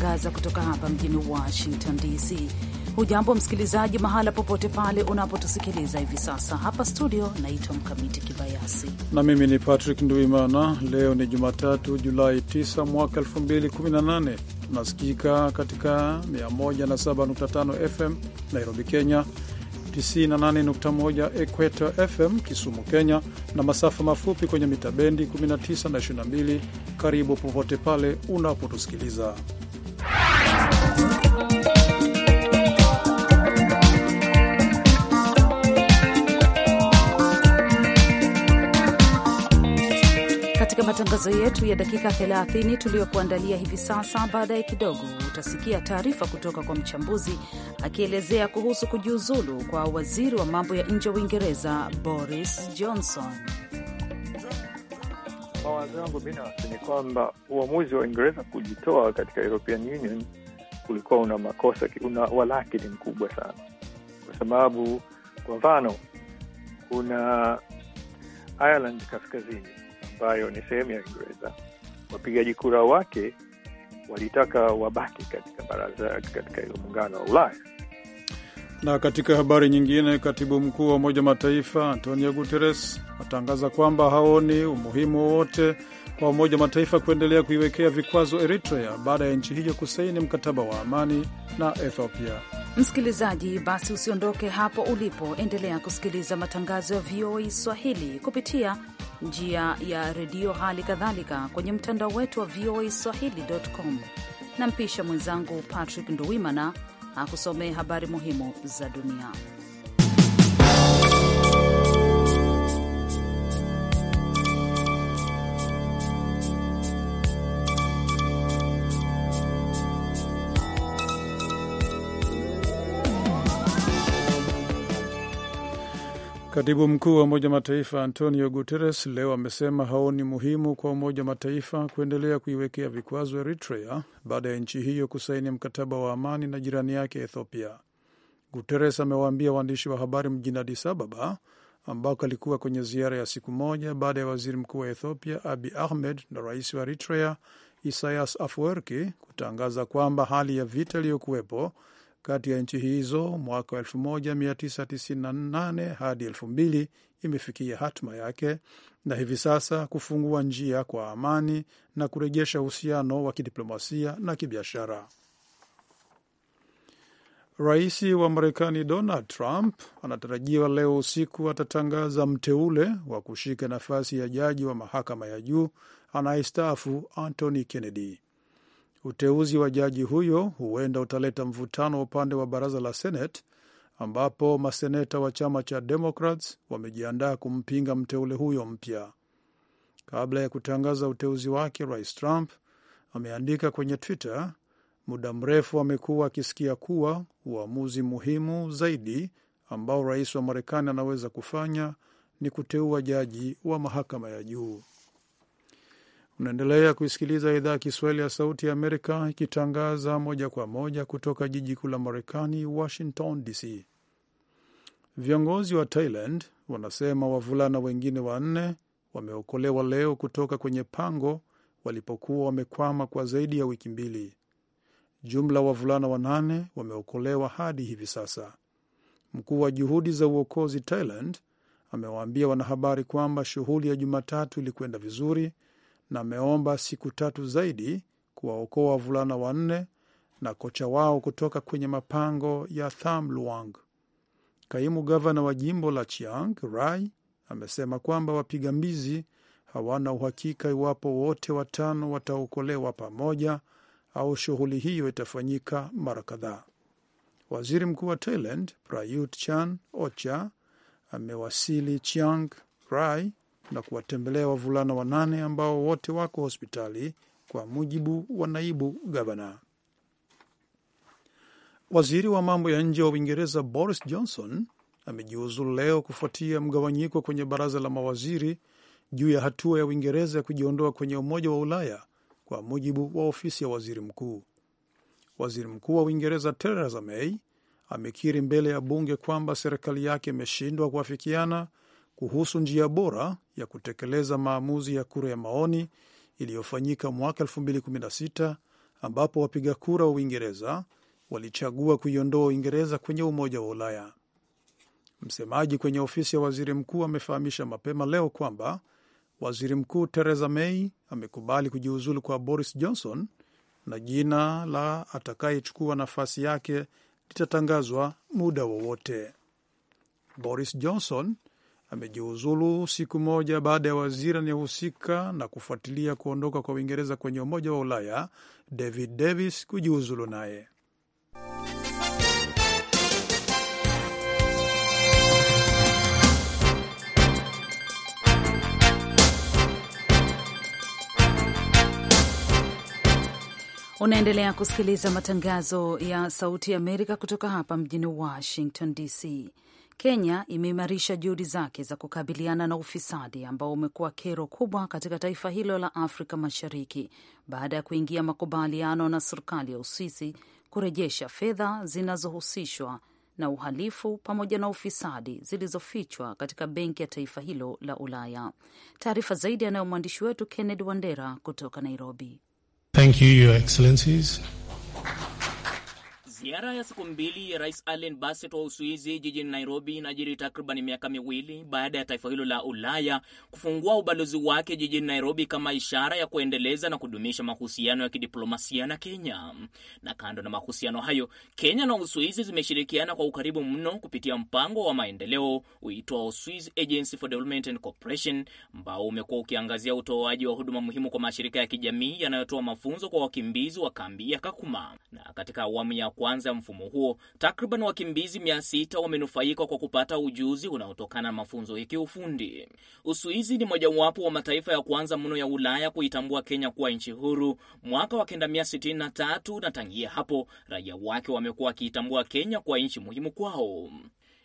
tunatangaza kutoka hapa mjini Washington DC. Hujambo msikilizaji, mahala popote pale unapotusikiliza hivi sasa. Hapa studio, naitwa Mkamiti Kibayasi na mimi ni Patrick Nduimana. Leo ni Jumatatu, Julai 9 mwaka 2018. Tunasikika katika 107.5 FM Nairobi, Kenya, 98.1 Equator FM Kisumu, Kenya, na masafa mafupi kwenye mita bendi 19 na 22. Karibu popote pale unapotusikiliza katika matangazo yetu ya dakika 30 tuliyokuandalia hivi sasa, baadaye kidogo utasikia taarifa kutoka kwa mchambuzi akielezea kuhusu kujiuzulu kwa waziri wa mambo ya nje wa Uingereza Boris Johnson mawazo yangu binafsi ni kwamba uamuzi wa Uingereza kujitoa katika European Union ulikuwa una makosa, una walaki ni mkubwa sana, kwa sababu kwa mfano kuna Ireland kaskazini ambayo ni sehemu ya Uingereza, wapigaji kura wake walitaka wabaki katika baraza, katika muungano wa Ulaya na katika habari nyingine, katibu mkuu wa Umoja Mataifa Antonio Guterres atangaza kwamba haoni umuhimu wowote kwa Umoja Mataifa kuendelea kuiwekea vikwazo Eritrea baada ya nchi hiyo kusaini mkataba wa amani na Ethiopia. Msikilizaji, basi usiondoke hapo ulipo, endelea kusikiliza matangazo ya VOA Swahili kupitia njia ya redio, hali kadhalika kwenye mtandao wetu wa VOA Swahili.com. Nampisha mwenzangu Patrick Nduwimana akusomee habari muhimu za dunia. Katibu mkuu wa Umoja wa Mataifa Antonio Guterres leo amesema haoni muhimu kwa Umoja wa Mataifa kuendelea kuiwekea vikwazo Eritrea baada ya nchi hiyo kusaini mkataba wa amani na jirani yake Ethiopia. Guterres amewaambia waandishi wa habari mjini Addis Ababa ambako alikuwa kwenye ziara ya siku moja baada ya waziri mkuu wa Ethiopia Abi Ahmed na rais wa Eritrea Isaias Afwerki kutangaza kwamba hali ya vita iliyokuwepo kati ya nchi hizo mwaka 1998 hadi 2000 imefikia hatima yake na hivi sasa kufungua njia kwa amani na kurejesha uhusiano wa kidiplomasia na kibiashara. Rais wa Marekani Donald Trump anatarajiwa leo usiku atatangaza mteule wa kushika nafasi ya jaji wa mahakama ya juu anayestaafu Anthony Kennedy. Uteuzi wa jaji huyo huenda utaleta mvutano wa upande wa baraza la Senate ambapo maseneta wa chama cha Democrats wamejiandaa kumpinga mteule huyo mpya. Kabla ya kutangaza uteuzi wake, Rais Trump ameandika kwenye Twitter, muda mrefu amekuwa akisikia kuwa uamuzi muhimu zaidi ambao rais wa Marekani anaweza kufanya ni kuteua jaji wa mahakama ya juu. Unaendelea kuisikiliza idhaa ya Kiswahili ya Sauti ya Amerika ikitangaza moja kwa moja kutoka jiji kuu la Marekani, Washington DC. Viongozi wa Thailand wanasema wavulana wengine wanne wameokolewa leo kutoka kwenye pango walipokuwa wamekwama kwa zaidi ya wiki mbili. Jumla wavulana wanane wameokolewa hadi hivi sasa. Mkuu wa juhudi za uokozi Thailand amewaambia wanahabari kwamba shughuli ya Jumatatu ilikwenda vizuri na ameomba siku tatu zaidi kuwaokoa wavulana wanne na kocha wao kutoka kwenye mapango ya Tham Luang. Kaimu gavana wa jimbo la Chiang Rai amesema kwamba wapiga mbizi hawana uhakika iwapo wote watano wataokolewa pamoja au shughuli hiyo itafanyika mara kadhaa. Waziri mkuu wa Thailand Prayut Chan Ocha amewasili Chiang Rai na kuwatembelea wavulana wanane ambao wote wako hospitali, kwa mujibu wa naibu gavana. Waziri wa mambo ya nje wa Uingereza Boris Johnson amejiuzulu leo kufuatia mgawanyiko kwenye baraza la mawaziri juu ya hatua ya Uingereza ya kujiondoa kwenye Umoja wa Ulaya, kwa mujibu wa ofisi ya waziri mkuu. Waziri mkuu wa Uingereza Theresa May amekiri mbele ya bunge kwamba serikali yake imeshindwa kuafikiana kuhusu njia bora ya kutekeleza maamuzi ya kura ya maoni iliyofanyika mwaka 2016 ambapo wapiga kura wa Uingereza walichagua kuiondoa Uingereza kwenye Umoja wa Ulaya. Msemaji kwenye ofisi ya waziri mkuu amefahamisha mapema leo kwamba waziri mkuu Theresa May amekubali kujiuzulu kwa Boris Johnson na jina la atakayechukua nafasi yake litatangazwa muda wowote. Boris Johnson amejiuzulu siku moja baada ya waziri anayehusika na kufuatilia kuondoka kwa Uingereza kwenye Umoja wa Ulaya David Davis kujiuzulu naye. Unaendelea kusikiliza matangazo ya Sauti ya Amerika kutoka hapa mjini Washington DC. Kenya imeimarisha juhudi zake za kukabiliana na ufisadi ambao umekuwa kero kubwa katika taifa hilo la Afrika Mashariki baada ya kuingia makubaliano na serikali ya Uswisi kurejesha fedha zinazohusishwa na uhalifu pamoja na ufisadi zilizofichwa katika benki ya taifa hilo la Ulaya. Taarifa zaidi anayo mwandishi wetu Kenneth Wandera kutoka Nairobi. Thank you, Your Ziara ya siku mbili ya Rais Allen Baset wa Uswizi jijini Nairobi inajiri takriban miaka miwili baada ya taifa hilo la Ulaya kufungua ubalozi wake jijini Nairobi kama ishara ya kuendeleza na kudumisha mahusiano ya kidiplomasia na Kenya. Na kando na mahusiano hayo, Kenya na Uswizi zimeshirikiana kwa ukaribu mno kupitia mpango wa maendeleo uitwao Swiss Agency for Development and Cooperation ambao umekuwa ukiangazia utoaji wa huduma muhimu kwa mashirika ya kijamii yanayotoa mafunzo kwa wakimbizi wa kambi ya Kakuma na katika awamu ya kwa kuanza mfumo huo, takriban wakimbizi mia sita wamenufaika kwa kupata ujuzi unaotokana na mafunzo ya kiufundi. Uswizi ni mojawapo wa mataifa ya kwanza mno ya Ulaya kuitambua Kenya kuwa nchi huru mwaka wa kenda mia sitini na tatu na tangia hapo raia wake wamekuwa wakiitambua Kenya kuwa nchi muhimu kwao.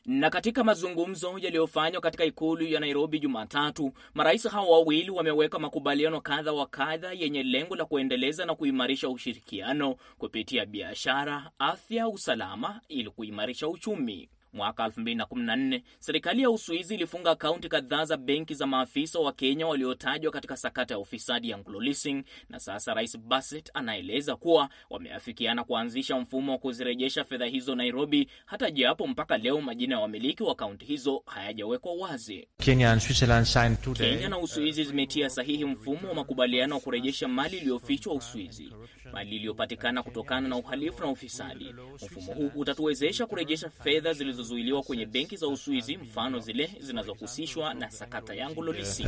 Na katika mazungumzo yaliyofanywa katika ikulu ya Nairobi Jumatatu, marais hao wawili wameweka makubaliano kadha wa kadha yenye lengo la kuendeleza na kuimarisha ushirikiano kupitia biashara, afya, usalama ili kuimarisha uchumi. Mwaka 2014 serikali ya Uswizi ilifunga akaunti kadhaa za benki za maafisa wa Kenya waliotajwa katika sakata ya ufisadi ya Anglo Leasing, na sasa Rais Bassett anaeleza kuwa wameafikiana kuanzisha mfumo wa kuzirejesha fedha hizo Nairobi, hata japo mpaka leo majina ya wamiliki wa akaunti hizo hayajawekwa wazi. Kenya, Kenya na Uswizi zimetia sahihi mfumo wa makubaliano wa kurejesha mali iliyofichwa Uswizi, mali iliyopatikana kutokana na uhalifu na ufisadi. Mfumo huu utatuwezesha kurejesha fedha zilizo zilizozuiliwa kwenye benki za Uswizi, mfano zile zinazohusishwa na sakata yangu Lodisi.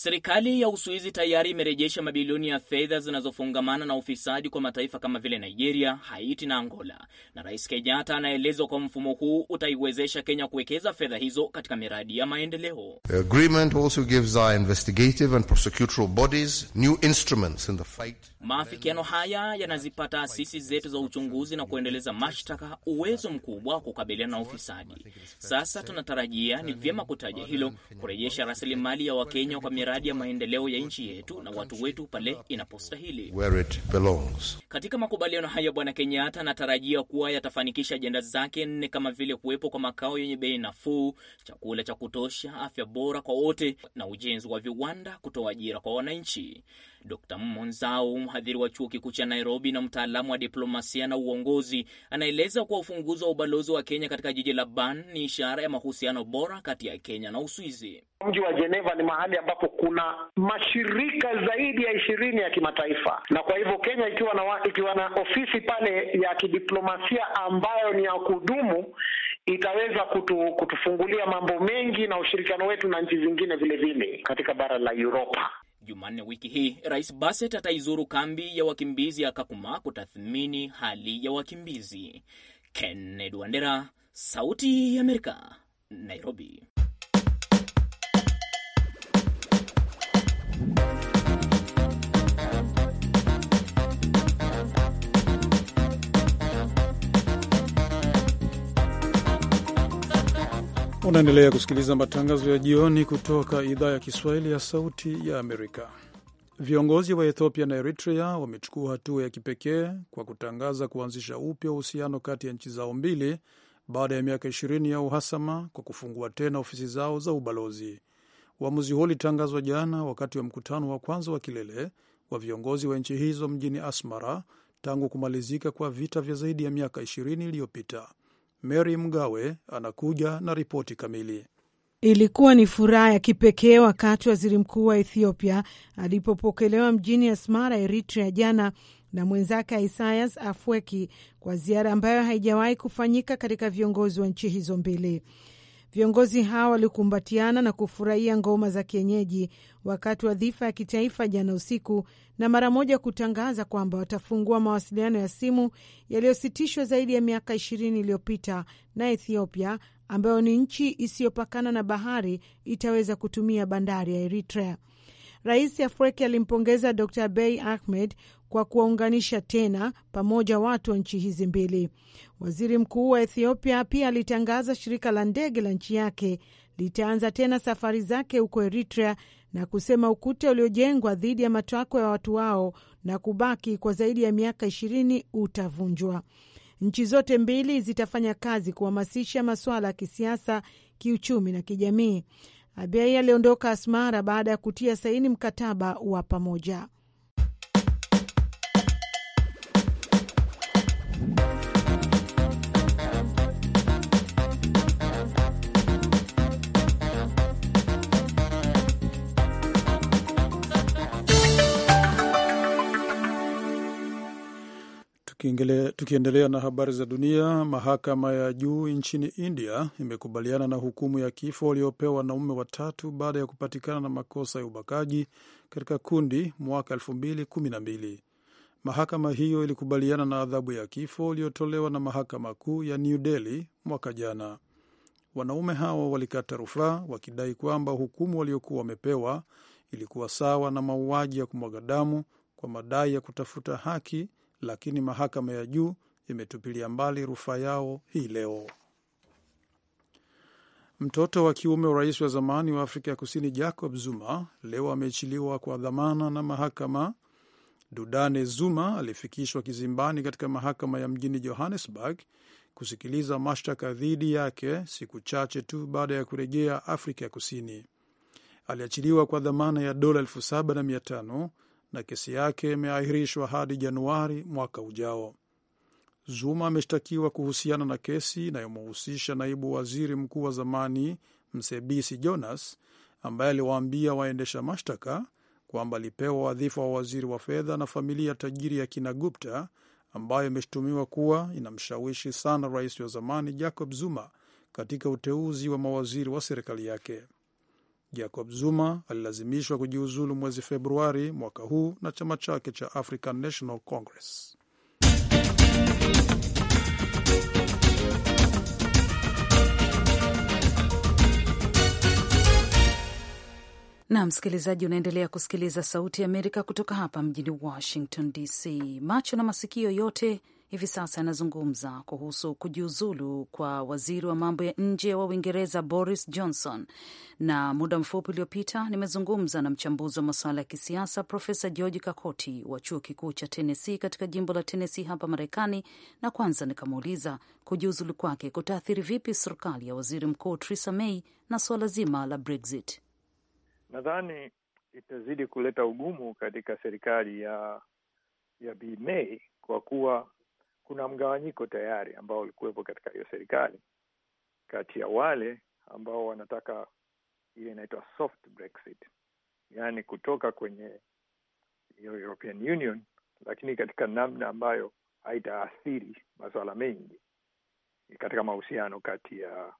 Serikali ya Uswizi tayari imerejesha mabilioni ya fedha zinazofungamana na ufisadi kwa mataifa kama vile Nigeria, Haiti na Angola, na Rais Kenyatta anaelezwa kwa mfumo huu utaiwezesha Kenya kuwekeza fedha hizo katika miradi ya maendeleo. The agreement also gives our investigative and prosecutorial bodies new instruments in the fight. Maafikiano haya yanazipa taasisi zetu za uchunguzi na kuendeleza mashtaka uwezo mkubwa wa kukabiliana na ufisadi. Sasa tunatarajia ni vyema kutaja hilo, kurejesha rasilimali ya Wakenya kwa miradi ya maendeleo ya nchi yetu na watu wetu pale inapostahili. Katika makubaliano hayo, Bwana Kenyatta anatarajia kuwa yatafanikisha ajenda zake nne kama vile kuwepo kwa makao yenye bei nafuu, chakula cha kutosha, afya bora kwa wote na ujenzi wa viwanda kutoa ajira kwa wananchi. Dr. Monzau, mhadhiri wa chuo kikuu cha Nairobi na mtaalamu wa diplomasia na uongozi, anaeleza kuwa ufunguzi wa ubalozi wa Kenya katika jiji la Bern ni ishara ya mahusiano bora kati ya Kenya na Uswizi. Mji wa Geneva ni mahali ambapo kuna mashirika zaidi ya ishirini ya kimataifa, na kwa hivyo Kenya ikiwa na, ikiwa na ofisi pale ya kidiplomasia ambayo ni ya kudumu itaweza kutu, kutufungulia mambo mengi na ushirikiano wetu na nchi zingine vilevile katika bara la uropa Jumanne wiki hii Rais Baset ataizuru kambi ya wakimbizi ya Kakuma kutathmini hali ya wakimbizi. Kennedy Wandera, Sauti ya Amerika, Nairobi. Unaendelea kusikiliza matangazo ya jioni kutoka idhaa ya Kiswahili ya Sauti ya Amerika. Viongozi wa Ethiopia na Eritrea wamechukua hatua ya kipekee kwa kutangaza kuanzisha upya uhusiano kati ya nchi zao mbili baada ya miaka ishirini ya uhasama kwa kufungua tena ofisi zao za ubalozi. Uamuzi huo ulitangazwa jana wakati wa mkutano wa kwanza wa kilele wa viongozi wa nchi hizo mjini Asmara tangu kumalizika kwa vita vya zaidi ya miaka ishirini iliyopita. Mary Mgawe anakuja na ripoti kamili. Ilikuwa ni furaha ya kipekee wakati waziri mkuu wa Ethiopia alipopokelewa mjini Asmara, Eritrea jana na mwenzake Isaias afweki kwa ziara ambayo haijawahi kufanyika katika viongozi wa nchi hizo mbili. Viongozi hao walikumbatiana na kufurahia ngoma za kienyeji wakati wa dhifa ya kitaifa jana usiku, na mara moja kutangaza kwamba watafungua mawasiliano ya simu yaliyositishwa zaidi ya miaka ishirini iliyopita na Ethiopia, ambayo ni nchi isiyopakana na bahari, itaweza kutumia bandari ya Eritrea. Rais afreki alimpongeza Dr Abiy Ahmed kwa kuwaunganisha tena pamoja watu wa nchi hizi mbili. Waziri mkuu wa Ethiopia pia alitangaza shirika la ndege la nchi yake litaanza tena safari zake huko Eritrea na kusema ukuta uliojengwa dhidi ya matakwa ya watu wao na kubaki kwa zaidi ya miaka ishirini utavunjwa. Nchi zote mbili zitafanya kazi kuhamasisha masuala ya kisiasa, kiuchumi na kijamii. Abiy aliondoka Asmara baada ya kutia saini mkataba wa pamoja. Tukiendelea na habari za dunia, mahakama ya juu nchini India imekubaliana na hukumu ya kifo waliopewa wanaume watatu baada ya kupatikana na makosa ya ubakaji katika kundi mwaka mbili. Mahakama hiyo ilikubaliana na adhabu ya kifo iliyotolewa na mahakama kuu ya New Delhi mwaka jana. Wanaume hawa walikata rufaa wakidai kwamba hukumu waliokuwa wamepewa ilikuwa sawa na mauaji ya kumwaga damu kwa madai ya kutafuta haki lakini mahakama ya juu imetupilia mbali rufaa yao hii leo. Mtoto wa kiume wa rais wa zamani wa Afrika ya Kusini Jacob Zuma leo ameachiliwa kwa dhamana na mahakama. Dudane Zuma alifikishwa kizimbani katika mahakama ya mjini Johannesburg kusikiliza mashtaka dhidi yake siku chache tu baada ya kurejea Afrika ya Kusini. Aliachiliwa kwa dhamana ya dola elfu saba na mia tano na kesi yake imeahirishwa hadi Januari mwaka ujao. Zuma ameshtakiwa kuhusiana na kesi inayomhusisha naibu waziri mkuu wa zamani Msebisi Jonas ambaye aliwaambia waendesha mashtaka kwamba alipewa wadhifa wa waziri wa fedha na familia tajiri ya kina Gupta ambayo imeshutumiwa kuwa inamshawishi sana rais wa zamani Jacob Zuma katika uteuzi wa mawaziri wa serikali yake. Jacob Zuma alilazimishwa kujiuzulu mwezi Februari mwaka huu na chama chake cha African National Congress. na msikilizaji, unaendelea kusikiliza Sauti ya Amerika kutoka hapa mjini Washington DC. Macho na masikio yote hivi sasa anazungumza kuhusu kujiuzulu kwa waziri wa mambo ya nje wa Uingereza Boris Johnson. Na muda mfupi uliopita nimezungumza na mchambuzi wa masuala ya kisiasa Profesa George Kakoti wa chuo kikuu cha Tennessee katika jimbo la Tennessee hapa Marekani, na kwanza nikamuuliza kujiuzulu kwake kutaathiri vipi serikali ya waziri mkuu Theresa May na suala zima la Brexit. Nadhani itazidi kuleta ugumu katika serikali ya ya Bi May kwa kuwa kuna mgawanyiko tayari ambao ulikuwepo katika hiyo serikali kati ya wale ambao wanataka ile inaitwa soft Brexit, yaani kutoka kwenye hiyo European Union, lakini katika namna ambayo haitaathiri masuala mengi katika mahusiano kati ya,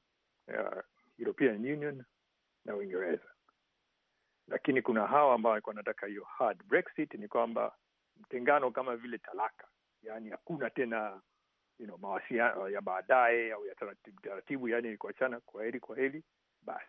ya European Union na Uingereza. Lakini kuna hawa ambao walikuwa wanataka hiyo hard Brexit, ni kwamba mtengano kama vile talaka yani hakuna tena you know, mawasiliano ya baadaye au ya taratibu taratibu, yani kuachana kwa heli kwa heli basi.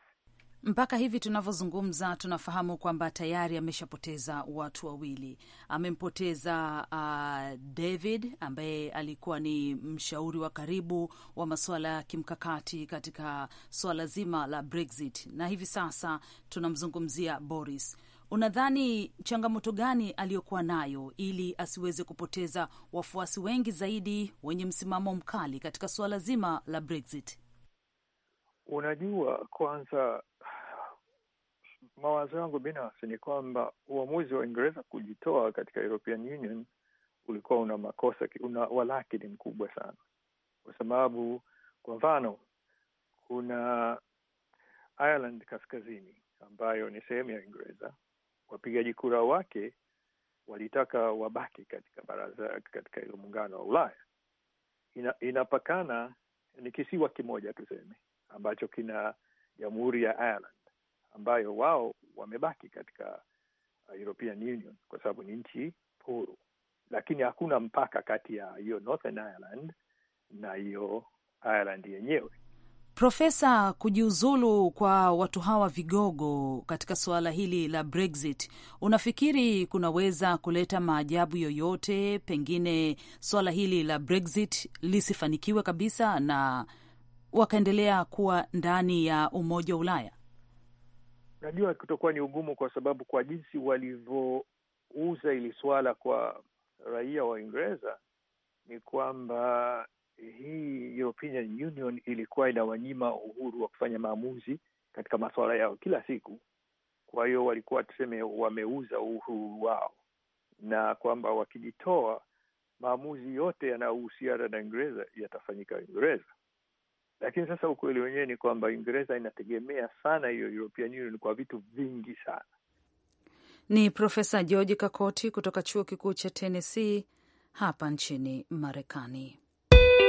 Mpaka hivi tunavyozungumza tunafahamu kwamba tayari ameshapoteza watu wawili. Amempoteza uh, David ambaye alikuwa ni mshauri wa karibu wa masuala ya kimkakati katika suala zima la Brexit, na hivi sasa tunamzungumzia Boris unadhani changamoto gani aliyokuwa nayo ili asiweze kupoteza wafuasi wengi zaidi wenye msimamo mkali katika suala zima la Brexit? Unajua, kwanza mawazo yangu binafsi ni kwamba uamuzi wa Uingereza kujitoa katika European Union ulikuwa una makosa, una walaki ni mkubwa sana, kwa sababu kwa mfano kuna Ireland kaskazini ambayo ni sehemu ya Uingereza wapigaji kura wake walitaka wabaki katika baraza, katika hilo muungano wa Ulaya. Ina, inapakana ni kisiwa kimoja tuseme, ambacho kina jamhuri ya Ireland ambayo wao wamebaki katika uh, European Union kwa sababu ni nchi huru, lakini hakuna mpaka kati ya hiyo Northern Ireland na hiyo Ireland yenyewe. Profesa, kujiuzulu kwa watu hawa vigogo katika suala hili la Brexit, unafikiri kunaweza kuleta maajabu yoyote? Pengine suala hili la Brexit lisifanikiwe kabisa na wakaendelea kuwa ndani ya Umoja wa Ulaya? Najua kutokuwa ni ugumu, kwa sababu kwa jinsi walivyouza hili swala kwa raia wa Uingereza ni kwamba hii European Union ilikuwa inawanyima uhuru wa kufanya maamuzi katika masuala yao kila siku. Kwa hiyo walikuwa tuseme, wameuza uhuru wao, na kwamba wakijitoa maamuzi yote yanayohusiana na Uingereza yatafanyika Uingereza. Lakini sasa ukweli wenyewe ni kwamba Uingereza inategemea sana hiyo European Union kwa vitu vingi sana. Ni Profesa George Kakoti kutoka chuo kikuu cha Tennessee hapa nchini Marekani.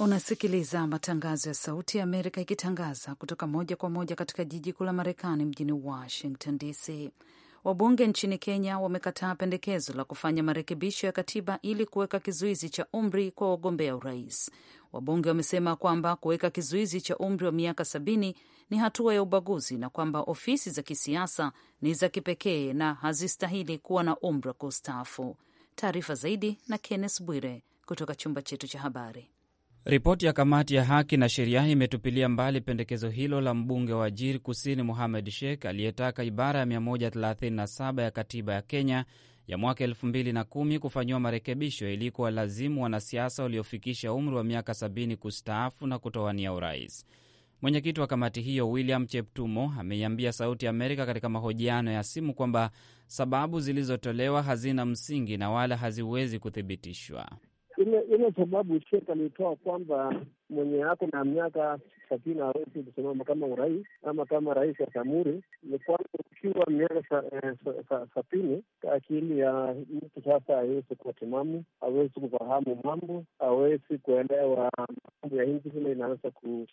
Unasikiliza matangazo ya Sauti ya Amerika ikitangaza kutoka moja kwa moja katika jiji kuu la Marekani, mjini Washington DC. Wabunge nchini Kenya wamekataa pendekezo la kufanya marekebisho ya katiba ili kuweka kizuizi cha umri kwa wagombea urais. Wabunge wamesema kwamba kuweka kizuizi cha umri wa miaka sabini ni hatua ya ubaguzi na kwamba ofisi za kisiasa ni za kipekee na hazistahili kuwa na umri wa kustaafu. Taarifa zaidi na Kenneth Bwire kutoka chumba chetu cha habari. Ripoti ya kamati ya haki na sheria imetupilia mbali pendekezo hilo la mbunge wa Wajir Kusini muhamed Sheikh aliyetaka ibara ya 137 ya katiba ya Kenya ya mwaka 2010 kufanyiwa marekebisho ili kuwalazimu wanasiasa waliofikisha umri wa miaka 70 kustaafu na kutowania urais. Mwenyekiti wa kamati hiyo William Cheptumo ameiambia Sauti ya Amerika katika mahojiano ya simu kwamba sababu zilizotolewa hazina msingi na wala haziwezi kuthibitishwa ile sababu shek alitoa kwamba mwenye ako na miaka sabini hawezi kusimama kama urais ama kama rais wa jamhuri, ni kwamba ukiwa miaka eh, sabini akili ya mtu sasa hawezi kuwa timamu, hawezi kufahamu mambo, hawezi kuelewa mambo ya nchi vile inaweza ku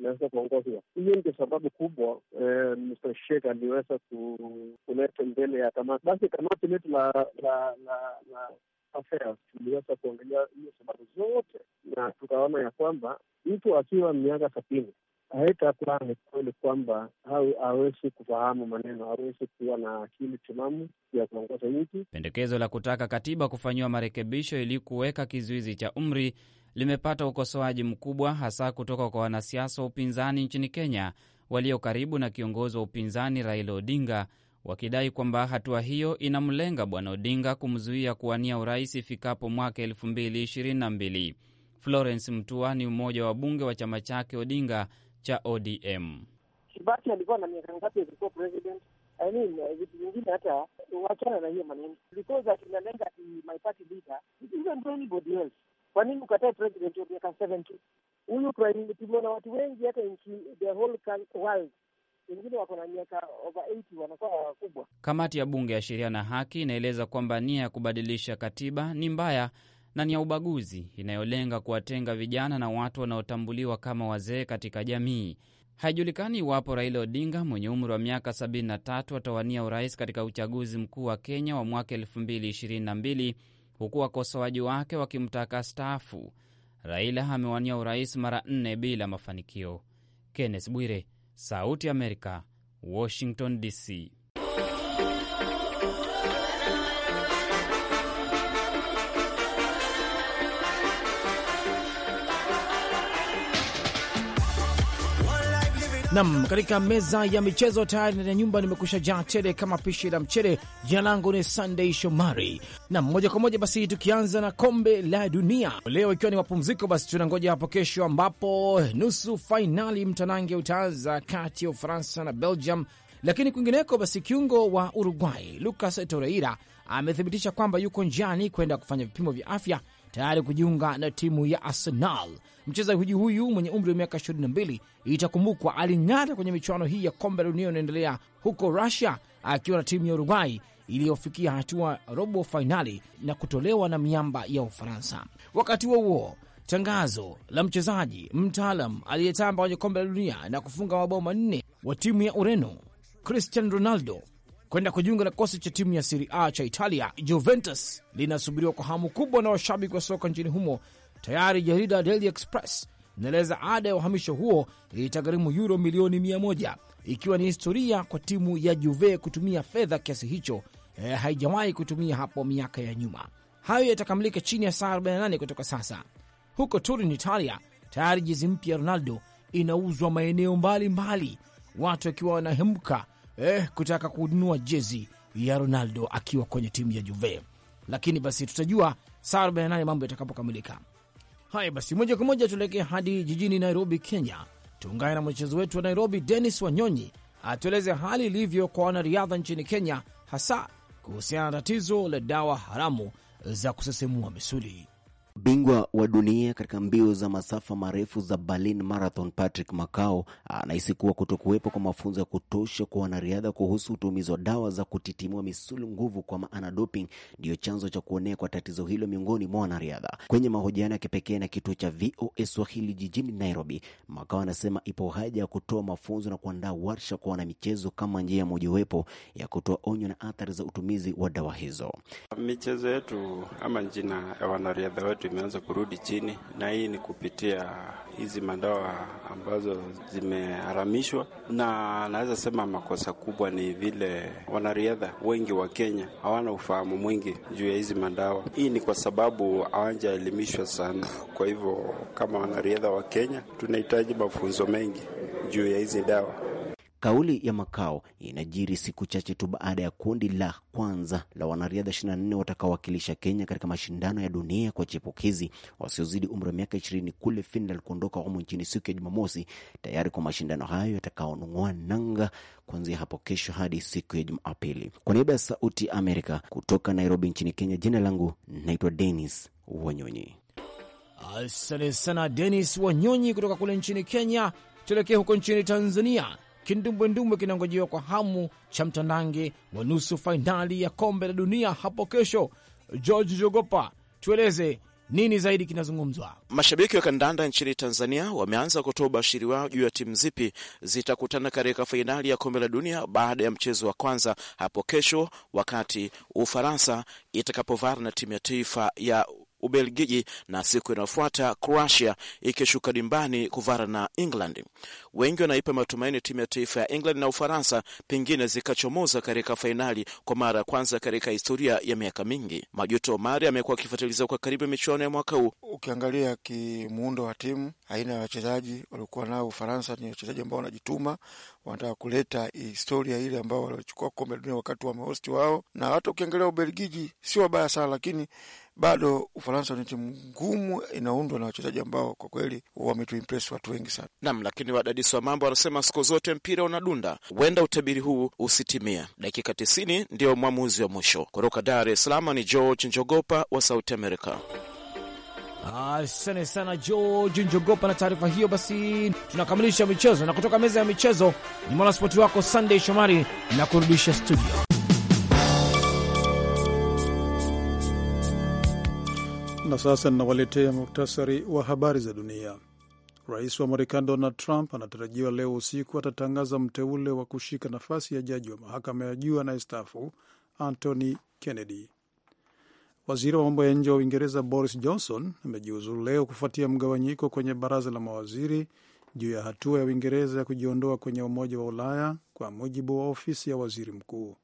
inaweza kuongozwa. Hiyo ndio sababu kubwa eh, Mr aliweza kuleta mbele ya kamati. Basi kamati letu la la la sasa tuliweza kuangalia hiyo sababu zote na tukaona ya kwamba mtu akiwa miaka sabini haitakuwa ni kweli kwamba hawezi kufahamu maneno, hawezi kuwa na akili timamu ya kuongoza nchi. Pendekezo la kutaka katiba kufanyiwa marekebisho ili kuweka kizuizi cha umri limepata ukosoaji mkubwa, hasa kutoka kwa wanasiasa wa upinzani nchini Kenya walio karibu na kiongozi wa upinzani Raila Odinga wakidai kwamba hatua hiyo inamlenga Bwana Odinga kumzuia kuwania urais ifikapo mwaka 2022. Florence Mtua ni mmoja wa bunge wa chama chake Odinga cha ODM. Kibaki alikuwa na miaka ngapi alikuwa president? I mean, eh, vitu vingine hata wachana na hiyo maneno because ati inalenga ati my party leader isn't anybody else. Kwa nini ukatae president wa miaka 70? Huyu tumeona watu wengi hata nchi the whole world wengine wako na miaka over 80 wanakuwa wakubwa. Kamati ya Bunge ya Sheria na Haki inaeleza kwamba nia ya kubadilisha katiba ni mbaya na ni ya ubaguzi inayolenga kuwatenga vijana na watu wanaotambuliwa kama wazee katika jamii. Haijulikani iwapo Raila Odinga mwenye umri wa miaka 73 atawania urais katika uchaguzi mkuu wa Kenya wa mwaka 2022 huku wakosoaji wake wakimtaka staafu. Raila amewania urais mara nne bila mafanikio. Kenneth Bwire, Sauti Amerika, Washington DC. Nam, katika meza ya michezo tayari ndani ya nyumba nimekusha jaa tele kama pishi la mchele. Jina langu ni Sunday Shomari nam, moja kwa moja basi tukianza na kombe la dunia leo, ikiwa ni mapumziko, basi tunangoja hapo kesho, ambapo nusu fainali mtanange utaanza kati ya Ufaransa na Belgium. Lakini kwingineko, basi kiungo wa Uruguay Lucas Torreira amethibitisha kwamba yuko njiani kwenda kufanya vipimo vya afya tayari kujiunga na timu ya Arsenal. Mchezaji huyu mwenye umri wa miaka 22 itakumbukwa, aling'ata kwenye michuano hii ya kombe la dunia inaendelea huko Russia akiwa na timu ya Uruguay iliyofikia hatua robo fainali na kutolewa na miamba ya Ufaransa. Wakati huo huo, tangazo la mchezaji mtaalam aliyetamba kwenye kombe la dunia na kufunga mabao manne wa timu ya Ureno Cristiano Ronaldo kwenda kujiunga na kikosi cha timu ya Serie A cha Italia. Juventus linasubiriwa kwa hamu kubwa na washabiki wa soka nchini humo. Tayari jarida Daily Express inaeleza ada ya uhamisho huo itagharimu yuro milioni mia moja ikiwa ni historia kwa timu ya Juve kutumia fedha kiasi hicho. E, haijawahi kutumia hapo miaka ya nyuma. Hayo yatakamilika chini ya saa 48 kutoka sasa. Huko Turin, Italia, tayari jezi mpya ya Ronaldo inauzwa maeneo mbalimbali, watu wakiwa wanahemka eh, kutaka kununua jezi ya Ronaldo akiwa kwenye timu ya Juve, lakini basi tutajua saa 48 mambo yatakapokamilika. Haya basi, moja kwa moja tuelekee hadi jijini Nairobi, Kenya. Tuungane na mchezo wetu wa Nairobi, denis Wanyonyi atueleze hali ilivyo kwa wanariadha nchini Kenya, hasa kuhusiana na tatizo la dawa haramu za kusisimua misuli. Bingwa wa dunia katika mbio za masafa marefu za Berlin Marathon, Patrick Makau anahisi kuwa kutokuwepo kwa mafunzo ya kutosha kwa wanariadha kuhusu utumizi wa dawa za kutitimua misuli nguvu kwa maana doping, ndiyo chanzo cha kuonea kwa tatizo hilo miongoni mwa wanariadha. Kwenye mahojiano ya kipekee na kituo cha VOA Swahili jijini Nairobi, makao anasema ipo haja ya kutoa mafunzo na kuandaa warsha kwa wanamichezo kama njia mojawapo ya kutoa onyo na athari za utumizi wa dawa hizo. Michezo yetu ama njina ya wanariadha wetu limeanza kurudi chini, na hii ni kupitia hizi madawa ambazo zimeharamishwa, na naweza sema makosa kubwa ni vile wanariadha wengi wa Kenya hawana ufahamu mwingi juu ya hizi madawa. Hii ni kwa sababu hawajaelimishwa sana. Kwa hivyo kama wanariadha wa Kenya tunahitaji mafunzo mengi juu ya hizi dawa. Kauli ya Makao inajiri siku chache tu baada ya kundi la kwanza la wanariadha 24 watakaowakilisha Kenya katika mashindano ya dunia kwa chipukizi wasiozidi umri wa miaka 20 kule Finland kuondoka humo nchini siku ya Jumamosi, tayari kwa mashindano hayo yatakaonung'ua nanga kuanzia hapo kesho hadi siku ya Jumapili. Kwa niaba ya Sauti ya Amerika kutoka Nairobi nchini Kenya, jina langu naitwa Denis Wanyonyi. Asante sana Denis Wanyonyi kutoka kule nchini Kenya. Tuelekee huko nchini Tanzania Kindumbwendumbwe kinangojiwa kwa hamu cha mtandange wa nusu fainali ya kombe la dunia hapo kesho. George Jogopa, tueleze nini zaidi kinazungumzwa? Mashabiki wa kandanda nchini Tanzania wameanza kutoa ubashiri wao juu ya timu zipi zitakutana katika fainali ya kombe la dunia baada ya mchezo wa kwanza hapo kesho, wakati Ufaransa itakapovara na timu ya taifa ya Ubelgiji, na siku inayofuata Croatia ikishuka dimbani kuvara na England. Wengi wanaipa matumaini timu ya taifa ya England na Ufaransa pengine zikachomoza katika fainali kwa mara ya kwanza katika historia ya miaka mingi. Majuto Mari amekuwa akifuatiliza kwa karibu michuano ya mwaka huu. Ukiangalia kimuundo wa timu, aina ya wachezaji waliokuwa nao Ufaransa ni wachezaji ambao wanajituma, wanataka kuleta historia ile ambao waliochukua kombe la dunia wakati mahosti wao, na hata ukiangalia Ubelgiji sio wabaya sana, lakini bado Ufaransa ni timu ngumu inaundwa na wachezaji ambao kwa kweli wametuimpress watu wengi sana. Naam, lakini wadadisi wa mambo wanasema siku zote mpira unadunda, huenda utabiri huu usitimia. Dakika tisini ndio mwamuzi wa mwisho. Kutoka Dar es Salaam ni George Njogopa wa Sauti america Asante sana George Njogopa na taarifa hiyo. Basi tunakamilisha michezo, na kutoka meza ya michezo ni mwanaspoti wako Sunday Shomari na kurudisha studio. Na sasa ninawaletea muktasari wa habari za dunia. Rais wa Marekani Donald Trump anatarajiwa leo usiku atatangaza mteule wa kushika nafasi ya jaji wa mahakama ya juu anayestaafu Anthony Kennedy. Waziri wa mambo ya nje wa Uingereza Boris Johnson amejiuzulu leo kufuatia mgawanyiko kwenye baraza la mawaziri juu ya hatua ya Uingereza ya kujiondoa kwenye Umoja wa Ulaya, kwa mujibu wa ofisi ya waziri mkuu.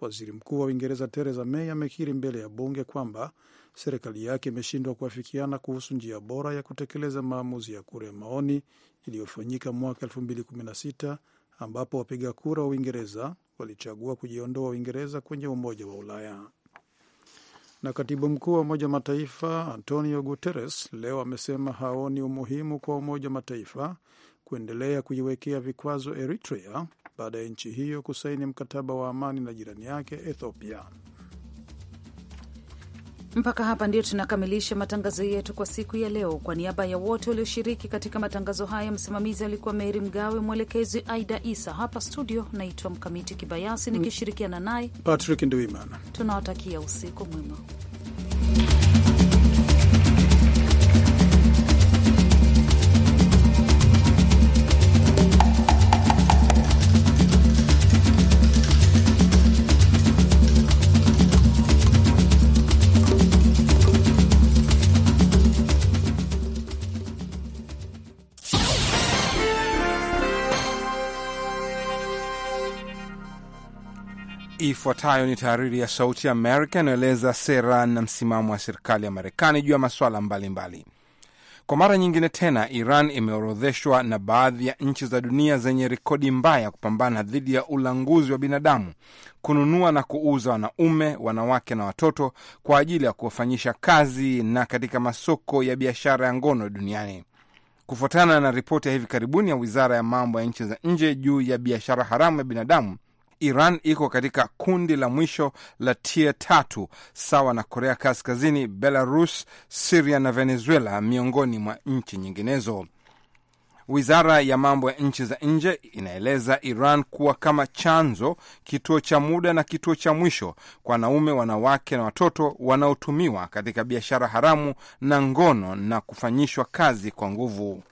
Waziri Mkuu wa Uingereza Theresa May amekiri mbele ya bunge kwamba serikali yake imeshindwa kuafikiana kuhusu njia bora ya kutekeleza maamuzi ya kura ya maoni iliyofanyika mwaka 2016 ambapo wapiga kura wa Uingereza walichagua kujiondoa Uingereza kwenye Umoja wa Ulaya. Na katibu mkuu wa Umoja wa Mataifa Antonio Guterres leo amesema haoni umuhimu kwa Umoja wa Mataifa kuendelea kuiwekea vikwazo Eritrea baada ya nchi hiyo kusaini mkataba wa amani na jirani yake Ethiopia. Mpaka hapa ndio tunakamilisha matangazo yetu kwa siku ya leo. Kwa niaba ya wote walioshiriki katika matangazo haya, msimamizi alikuwa Meri Mgawe, mwelekezi Aida Isa. Hapa studio naitwa Mkamiti Kibayasi mm. nikishirikiana naye Patrick Ndwimana. Tunawatakia usiku mwema. Ifuatayo ni tahariri ya Sauti ya Amerika inayoeleza sera na msimamo wa serikali ya Marekani juu ya masuala mbalimbali. Kwa mara nyingine tena, Iran imeorodheshwa na baadhi ya nchi za dunia zenye rekodi mbaya kupambana dhidi ya ulanguzi wa binadamu, kununua na kuuza wanaume, wanawake na watoto kwa ajili ya kuwafanyisha kazi na katika masoko ya biashara ya ngono duniani. Kufuatana na ripoti ya hivi karibuni ya wizara ya mambo ya nchi za nje juu ya biashara haramu ya binadamu, Iran iko katika kundi la mwisho la tia tatu sawa na Korea Kaskazini, Belarus, Siria na Venezuela, miongoni mwa nchi nyinginezo. Wizara ya mambo ya nchi za nje inaeleza Iran kuwa kama chanzo, kituo cha muda na kituo cha mwisho kwa wanaume, wanawake na watoto wanaotumiwa katika biashara haramu na ngono na kufanyishwa kazi kwa nguvu.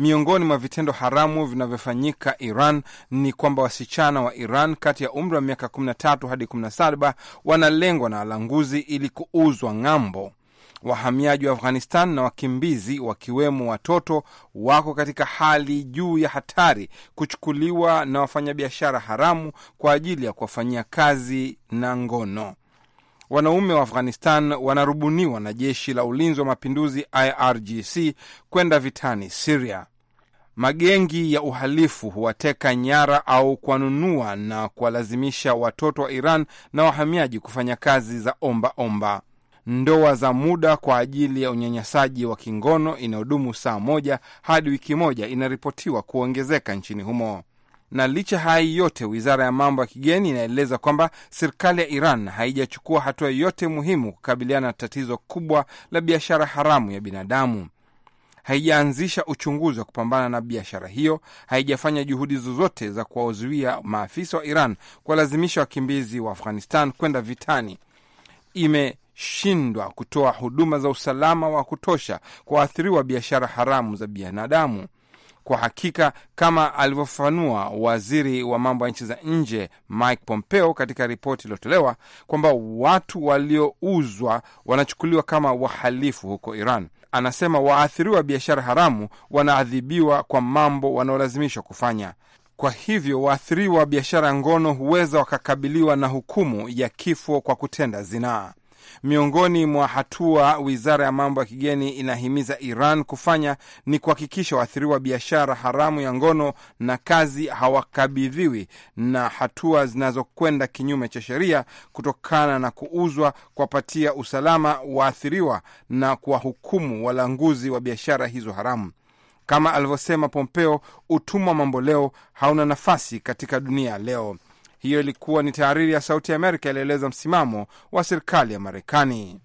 Miongoni mwa vitendo haramu vinavyofanyika Iran ni kwamba wasichana wa Iran kati ya umri wa miaka 13 hadi 17 wanalengwa na walanguzi ili kuuzwa ng'ambo. Wahamiaji wa Afghanistan na wakimbizi wakiwemo watoto wako katika hali juu ya hatari kuchukuliwa na wafanyabiashara haramu kwa ajili ya kuwafanyia kazi na ngono. Wanaume wa Afghanistan wanarubuniwa na jeshi la ulinzi wa mapinduzi IRGC kwenda vitani Siria. Magengi ya uhalifu huwateka nyara au kuwanunua na kuwalazimisha watoto wa Iran na wahamiaji kufanya kazi za omba omba. Ndoa za muda kwa ajili ya unyanyasaji wa kingono inayodumu saa moja hadi wiki moja inaripotiwa kuongezeka nchini humo. Na licha haya yote, wizara ya mambo ya kigeni inaeleza kwamba serikali ya Iran haijachukua hatua yoyote muhimu kukabiliana na tatizo kubwa la biashara haramu ya binadamu haijaanzisha uchunguzi wa kupambana na biashara hiyo, haijafanya juhudi zozote za kuwazuia maafisa wa Iran kuwalazimisha wakimbizi wa Afghanistan kwenda vitani, ime shindwa kutoa huduma za usalama wa kutosha kwa waathiriwa wa biashara haramu za binadamu. Kwa hakika, kama alivyofafanua waziri wa mambo ya nchi za nje Mike Pompeo katika ripoti iliyotolewa, kwamba watu waliouzwa wanachukuliwa kama wahalifu huko Iran anasema waathiriwa biashara haramu wanaadhibiwa kwa mambo wanaolazimishwa kufanya. Kwa hivyo waathiriwa wa biashara ya ngono huweza wakakabiliwa na hukumu ya kifo kwa kutenda zinaa. Miongoni mwa hatua wizara ya mambo ya kigeni inahimiza Iran kufanya ni kuhakikisha waathiriwa biashara haramu ya ngono na kazi hawakabidhiwi na hatua zinazokwenda kinyume cha sheria kutokana na kuuzwa, kuwapatia usalama waathiriwa na kuwahukumu walanguzi wa biashara hizo haramu. Kama alivyosema Pompeo, utumwa mambo leo hauna nafasi katika dunia leo. Hiyo ilikuwa ni tahariri ya Sauti ya Amerika ilieleza msimamo wa serikali ya Marekani.